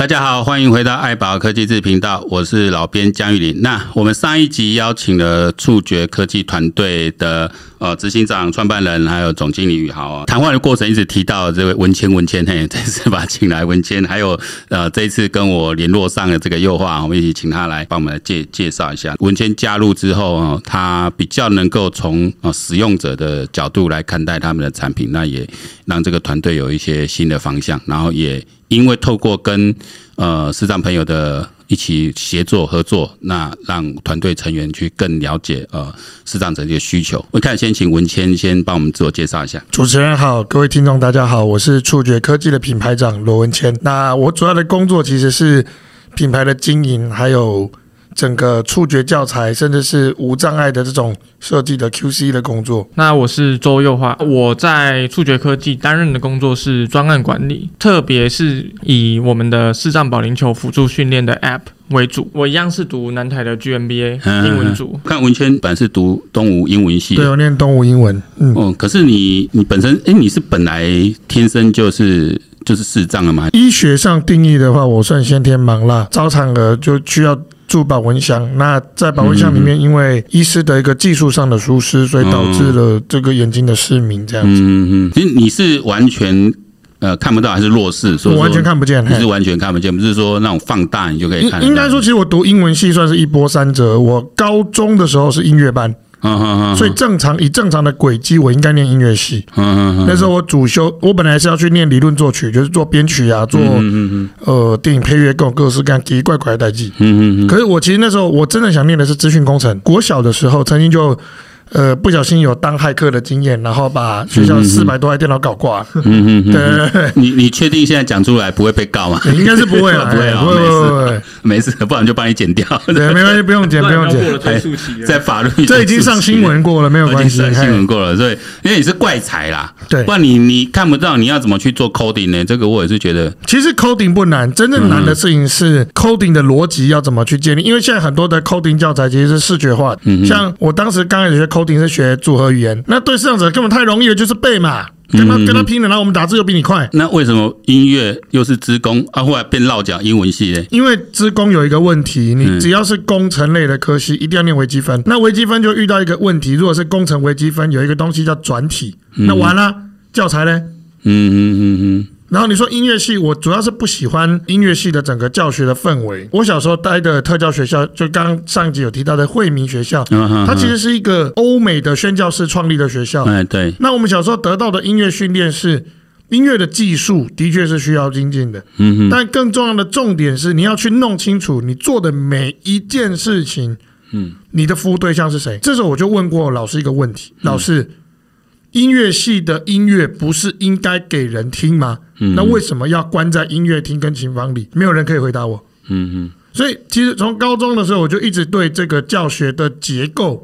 大家好，歡迎回到艾葆科技誌頻道，我是老編江玉林。那我們上一集邀請了觸覺科技團隊的呃執行長、創辦人，還有總經理宇豪。哦，談話的過程一直提到這位文謙，文謙嘿，這次把請來文謙，還有呃，這一次跟我聯絡上的這個優化，我們一起請他來幫我們介介紹一下文謙加入之後啊，他、哦、比較能夠從呃使用者的角度來看待他們的產品，那也。讓這個團隊有一些新的方向，然後也因為透過跟呃視障朋友的一起協作合作，那讓團隊成員去更了解呃視障者的需求。我看先請文謙先幫我們自我介紹一下。主持人好，各位聽眾大家好，我是觸覺科技的品牌長羅文謙。那我主要的工作其實是品牌的經營，還有。整個觸覺教材，甚至是無障礙的這種設計的 QC 的工作。那我是周佑華，我在觸覺科技擔任的工作是專案管理，特別是以我們的視障保齡球輔助訓練的 App 為主。我一樣是讀南台的 GMBA 英文組。啊，看文圈本來是讀東吳英文系，對，我念東吳英文。嗯，哦，可是你你本身，哎，你是本來天生就是就是視障的嘛？醫學上定義的話，我算先天盲啦，早產兒就需要。住保溫箱，那在保溫箱裡面，因為醫師的一個技術上的疏失，嗯、所以導致了這個眼睛的失明這樣子。嗯嗯，嗯，其實你是完全呃看不到，還是弱視？我完全看不見，你是完全看不見，嗯、不是說那種放大你就可以看。應該說，其實我讀英文系算是一波三折。我高中的時候是音樂班。 所以正常以正常的軌跡，我應該念音樂系。那時候我主修，我本來是要去念理論作曲，就是做編曲啊，做呃電影配樂各種各式各樣奇奇怪怪的代際。嗯，可是我其實那時候我真的想念的是資訊工程。國小的時候曾經就。呃，不小心有當駭客的經驗，然後把學校四百多台電腦搞掛。嗯嗯嗯。你你確定現在講出來不會被告嗎？應該是不會，不會，不會，不會，沒事，不然就幫你剪掉。對，沒關係，不用剪，不用剪。在法律這已經上新聞過了，沒有關係。新聞過了，對，因為你是怪才啦，對。不然你你看不到，你要怎麼去做 coding 呢？這個我也是覺得，其實 coding 不難，真正難的事情是 coding 的邏輯要怎麼去建立，因為現在很多的 coding 教材其實是視覺化，像我當時剛開始學 coding。頭頂是學組合語言，那對是這樣子，根本太容易了，就是背嘛。跟他、嗯、哼跟他拼了，然後我們打字又比你快。那為什麼音樂又是資工啊？後來變老講英文系？因為資工有一個問題，你只要是工程類的科系，嗯、一定要念微積分。那微積分就遇到一個問題，如果是工程微積分，有一個東西叫轉體，嗯、哼那完了教材呢？嗯嗯嗯嗯。然後你說音樂系，我主要是不喜歡音樂系的整個教學的氛圍。我小時候待的特教學校，就剛剛上一集有提到的惠民學校，它其實是一個歐美的宣教師創立的學校。嗯，對。那我們小時候得到的音樂訓練是音樂的技術，的確是需要精進的。嗯哼。但更重要的重點是，你要去弄清楚你做的每一件事情，嗯，你的服務對象是誰。這時候我就問過老師一個問題，老師。嗯音樂系的音樂不是應該給人聽嗎？那為什麼要關在音樂廳跟琴房裡？沒有人可以回答我。嗯嗯。所以其實從高中的時候，我就一直對這個教學的結構，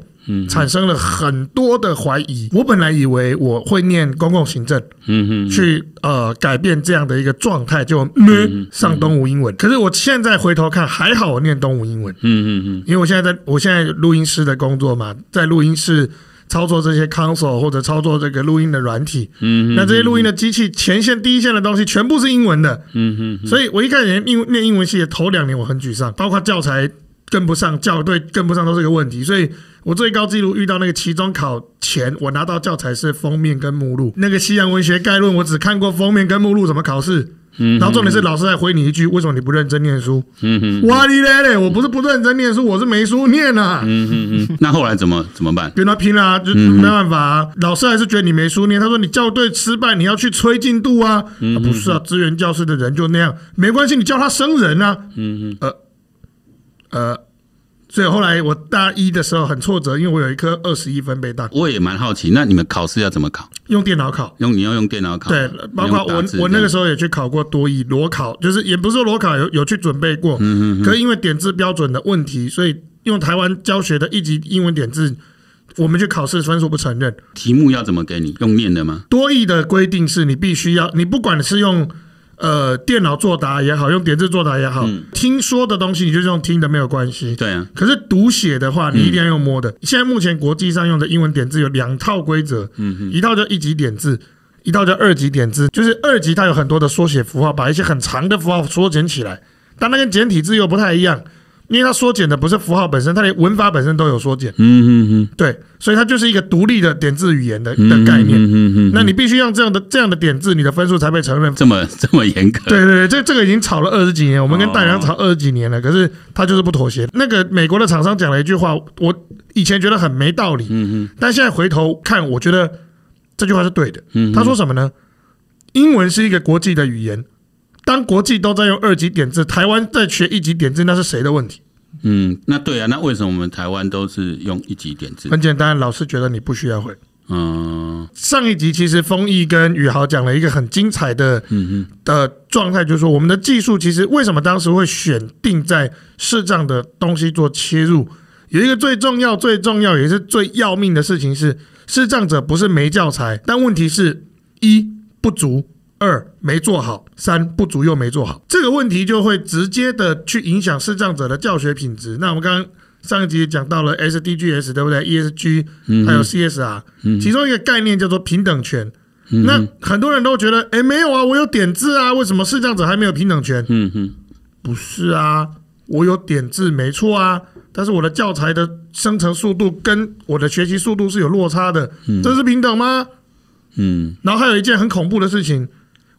產生了很多的懷疑。我本來以為我會念公共行政，嗯嗯，去呃改變這樣的一個狀態，就上東吳英文。可是我現在回頭看，還好我念東吳英文。嗯嗯嗯。因為我現在在我現在錄音室的工作嘛，在錄音室。操作這些 console 或者操作這個錄音的軟體，嗯、哼 那這些錄音的機器前線第一線的東西全部是英文的，嗯、哼 所以我一開始念念英文系的頭兩年我很沮喪，包括教材跟不上，校對跟不上都是個問題。所以我最高紀錄遇到那個期中考前，我拿到教材是封面跟目錄，那個《西洋文學概論》我只看過封面跟目錄，怎麼考試？嗯，然後重點是老師還回你一句：“為什麼你不認真念書？”嗯哼哇你勒勒，我尼勒，我不是不認真念書，我是沒書念啊。嗯嗯嗯，那後來怎麼怎麼辦？ 跟他拼啦、啊，就沒辦法、啊。嗯、哼 老師還是覺得你沒書念，他說你校對失敗，你要去催進度啊。嗯、哼 啊不是啊，支援教室的人就那樣，沒關係，你教他生人啊。嗯嗯哼 呃，呃。所以後來我大一的時候很挫折，因為我有一科二十一分被當。我也蠻好奇，那你們考試要怎麼考？用電腦考？用你要用電腦考？對，包括我我那個時候也去考過多益裸考，就是也不是說裸考，有有去準備過，嗯嗯，可是因為點字標準的問題，所以用台灣教學的一級英文點字，我們去考試分數不承認。題目要怎麼給你？用念的嗎？多益的規定是你必須要，你不管是用。呃，電腦作答也好，用點字作答也好，嗯、聽說的東西你就用聽的沒有關係。對啊，可是讀寫的話，你一定要用摸的。嗯、現在目前國際上用的英文點字有兩套規則，嗯哼，一套叫一級點字，一套叫二級點字。就是二級它有很多的縮寫符號，把一些很長的符號縮減起來，但那跟簡體字又不太一樣。因為它縮減的不是符號本身，它連文法本身都有縮減。嗯嗯嗯，對，所以它就是一個獨立的點字語言的的概念。嗯嗯，那你必須用這樣的這樣的點字，你的分數才被承認。這麼這麼嚴格？對對對，這這個已經吵了二十幾年，我們跟大洋吵二十幾年了。哦、可是他就是不妥協。那個美國的廠商講了一句話，我以前覺得很沒道理。嗯嗯哼，但現在回頭看，我覺得這句話是對的。嗯哼，他說什麼呢？英文是一個國際的語言。當國際都在用二級點字，台灣在學一級點字，那是誰的問題？嗯，那對啊，那為什麼我們台灣都是用一級點字？很簡單，老師覺得你不需要會。嗯，上一集其實豐毅跟宇豪講了一個很精彩的，嗯嗯，的狀態，就是說我們的技術其實為什麼當時會選定在視障的東西做切入，有一個最重要、最重要也是最要命的事情是，視障者不是沒教材，但問題是一不足。二沒做好，三不足又沒做好，這個問題就會直接的去影響視障者的教學品質。那我們剛剛上一集也講到了 SDGs，對不對？ESG，嗯哼，還有 CSR，嗯哼，其中一個概念叫做平等權。嗯、哼那很多人都覺得，哎，沒有啊，我有點字啊，為什麼視障者還沒有平等權？嗯哼，不是啊，我有點字沒錯啊，但是我的教材的生成速度跟我的學習速度是有落差的，嗯、哼這是平等嗎？嗯哼，然後還有一件很恐怖的事情。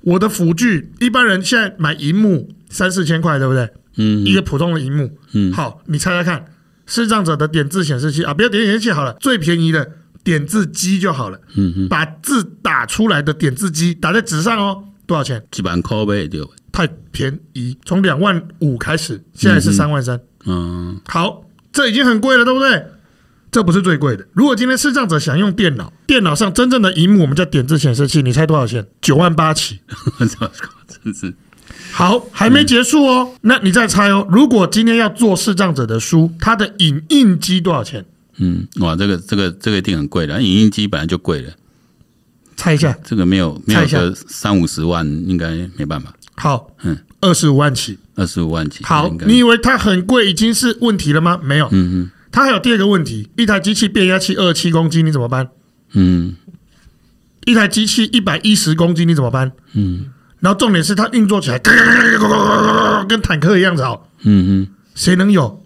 我的輔具，一般人現在買熒幕三四千塊，對不對？嗯哼，一個普通的熒幕，嗯，好，你猜猜看，視障者的點字顯示器啊，不要點顯示器好了，最便宜的點字機就好了，嗯哼，把字打出來的點字機打在紙上哦，多少錢？一萬塊唄。對，太便宜，從兩萬五開始，現在是三萬三，嗯，好，這已經很貴了，對不對？這不是最貴的。如果今天視障者想用電腦，電腦上真正的螢幕，我們叫點字顯示器，你猜多少錢？九萬八起。真是 好，還沒結束哦。嗯，那你再猜哦。如果今天要做視障者的書，它的影印機多少錢？嗯，哇，這個這個這個一定很貴了。影印機本來就貴了，猜一下，這個沒有，沒有個三五十萬應該沒辦法。好，嗯，二十五萬起，二十五萬起。好，該你以為它很貴已經是問題了嗎？沒有，嗯嗯。它還有第二個問題：一台機器變壓器二十七公斤，你怎麼搬？嗯，一台機器一百一十公斤，你怎麼搬？嗯，嗯然後重點是它運作起來，嗯、跟坦克一樣吵、嗯。嗯誰能有？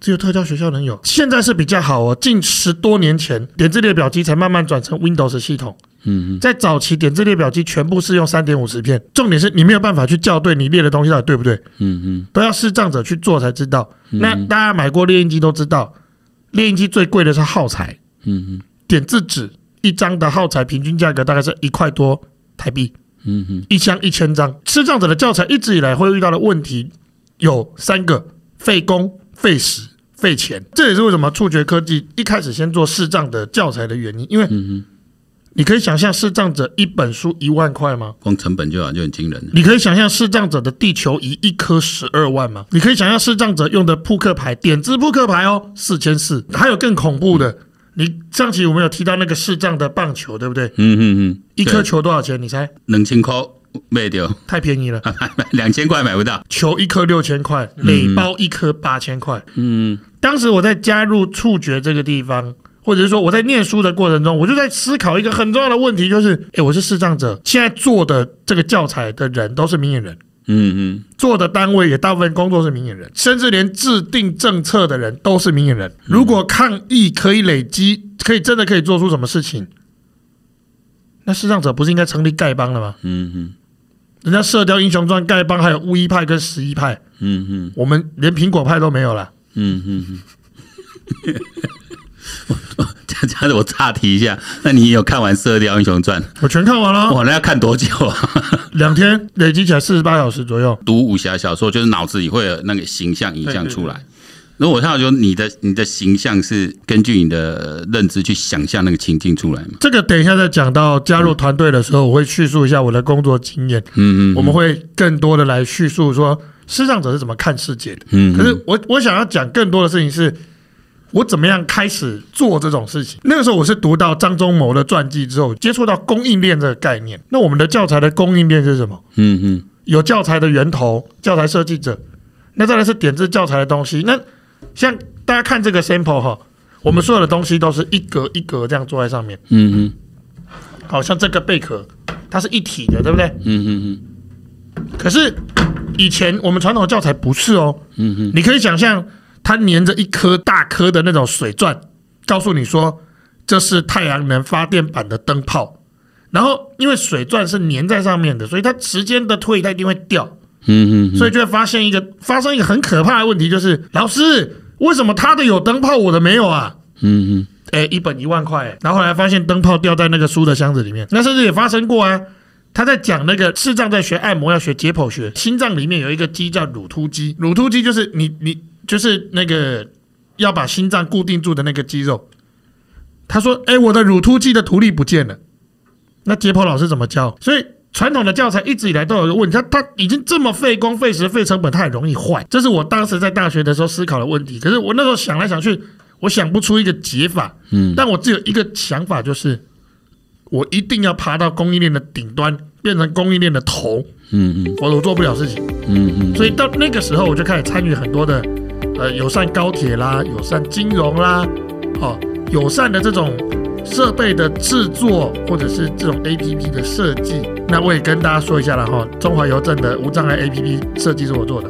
只有特教學校能有。現在是比較好哦。近十多年前，點字列表機才慢慢轉成 Windows 系統。嗯，嗯在早期，點字列表機全部是用三點五十片，重點是你沒有辦法去校對你列的東西到底對不對。嗯，嗯都要視障者去做才知道。嗯、那大家買過列印機都知道。練習機最貴的是耗材，嗯，點字紙一張的耗材平均價格大概是一塊多台幣，嗯，一箱一千張。視障者的教材一直以來會遇到的問題有三個：費工、費時、費錢。這也是為什麼觸覺科技一開始先做視障的教材的原因，因為。你可以想象視障者一本書一萬塊嗎？光成本就好就很驚人。你可以想象視障者的地球儀一顆十二萬嗎？你可以想象視障者用的撲克牌點字撲克牌哦，四千四。還有更恐怖的，嗯、你上期我們有提到那個視障的棒球，對不對？嗯嗯嗯。一顆球多少錢？你猜？兩千塊賣掉。太便宜了，兩 千塊買不到。球一顆六千塊，壘包一顆八千塊。嗯，嗯當時我在加入觸覺這個地方。或者是說我在念書的過程中，我就在思考一個很重要的問題，就是誒，我是視障者，現在做的這個教材的人都是明眼人，嗯嗯哼，做的單位也大部分工作是明眼人，甚至連制定政策的人都是明眼人。嗯、哼如果抗議可以累積，可以真的可以做出什麼事情，那視障者不是應該成立丐幫了嗎？嗯嗯哼，人家《射雕英雄傳》丐幫還有污衣派、跟十一派，嗯嗯哼，我們連蘋果派都沒有了，嗯嗯哼。 加加上我岔題一下，那你有看完《射雕英雄傳》？我全看完了。哇，那要看多久啊？ 兩天累積起來四十八小時左右。讀武俠小說就是腦子裡會有那個形象影像出來。那對我想說你的你的形象是根據你的認知去想象那個情境出來嗎？這個等一下再講到加入團隊的時候，我會敘述一下我的工作經驗。嗯嗯,嗯，我們會更多的來敘述說，視障者是怎麼看世界的。嗯,嗯，可是我我想要講更多的事情是。我怎麼樣開始做這種事情？那個時候我是讀到張忠謀的傳記之後，接觸到供應鏈這個概念。那我們的教材的供應鏈是什麼？嗯嗯哼，有教材的源頭，教材設計者，那再來是點字教材的東西。那像大家看這個 sample 哈、哦，嗯、哼我們所有的東西都是一格一格這樣坐在上面。嗯嗯哼，好像這個貝殼，它是一體的，對不對？嗯嗯哼嗯。可是以前我們傳統的教材不是哦。嗯嗯哼，你可以想象。它粘着一顆大顆的那種水鑽，告訴你說這是太陽能發電板的燈泡。然後因為水鑽是粘在上面的，所以它時間的推移它一定會掉。嗯嗯，嗯嗯所以就會發現一個發生一個很可怕的問題，就是老師為什麼他的有燈泡，我的沒有啊？嗯嗯，哎、嗯欸，一本一萬塊、欸，然後後來發現燈泡掉在那個書的箱子裡面。那甚至也發生過啊。他在講那個視障在學按摩，要學解剖學，心臟裡面有一個肌叫乳突肌，乳突肌就是你你。就是那個要把心臟固定住的那個肌肉，他說：“哎，我的乳突肌的圖例不見了。”那解剖老師怎麼教？所以傳統的教材一直以來都有個問題，他他已經這麼費工、費時、費成本，它也容易壞。這是我當時在大學的時候思考的問題。可是我那時候想來想去，我想不出一個解法。嗯，但我只有一個想法，就是我一定要爬到供應鏈的頂端，變成供應鏈的頭。嗯嗯，我我做不了事情。嗯嗯嗯，所以到那個時候，我就開始參與很多的。呃，友善高鐵啦，友善金融啦，哦，友善的這種設備的制作，或者是這種 APP 的設計，那我也跟大家說一下了哈。中華郵政的無障礙 APP 設計是我做的。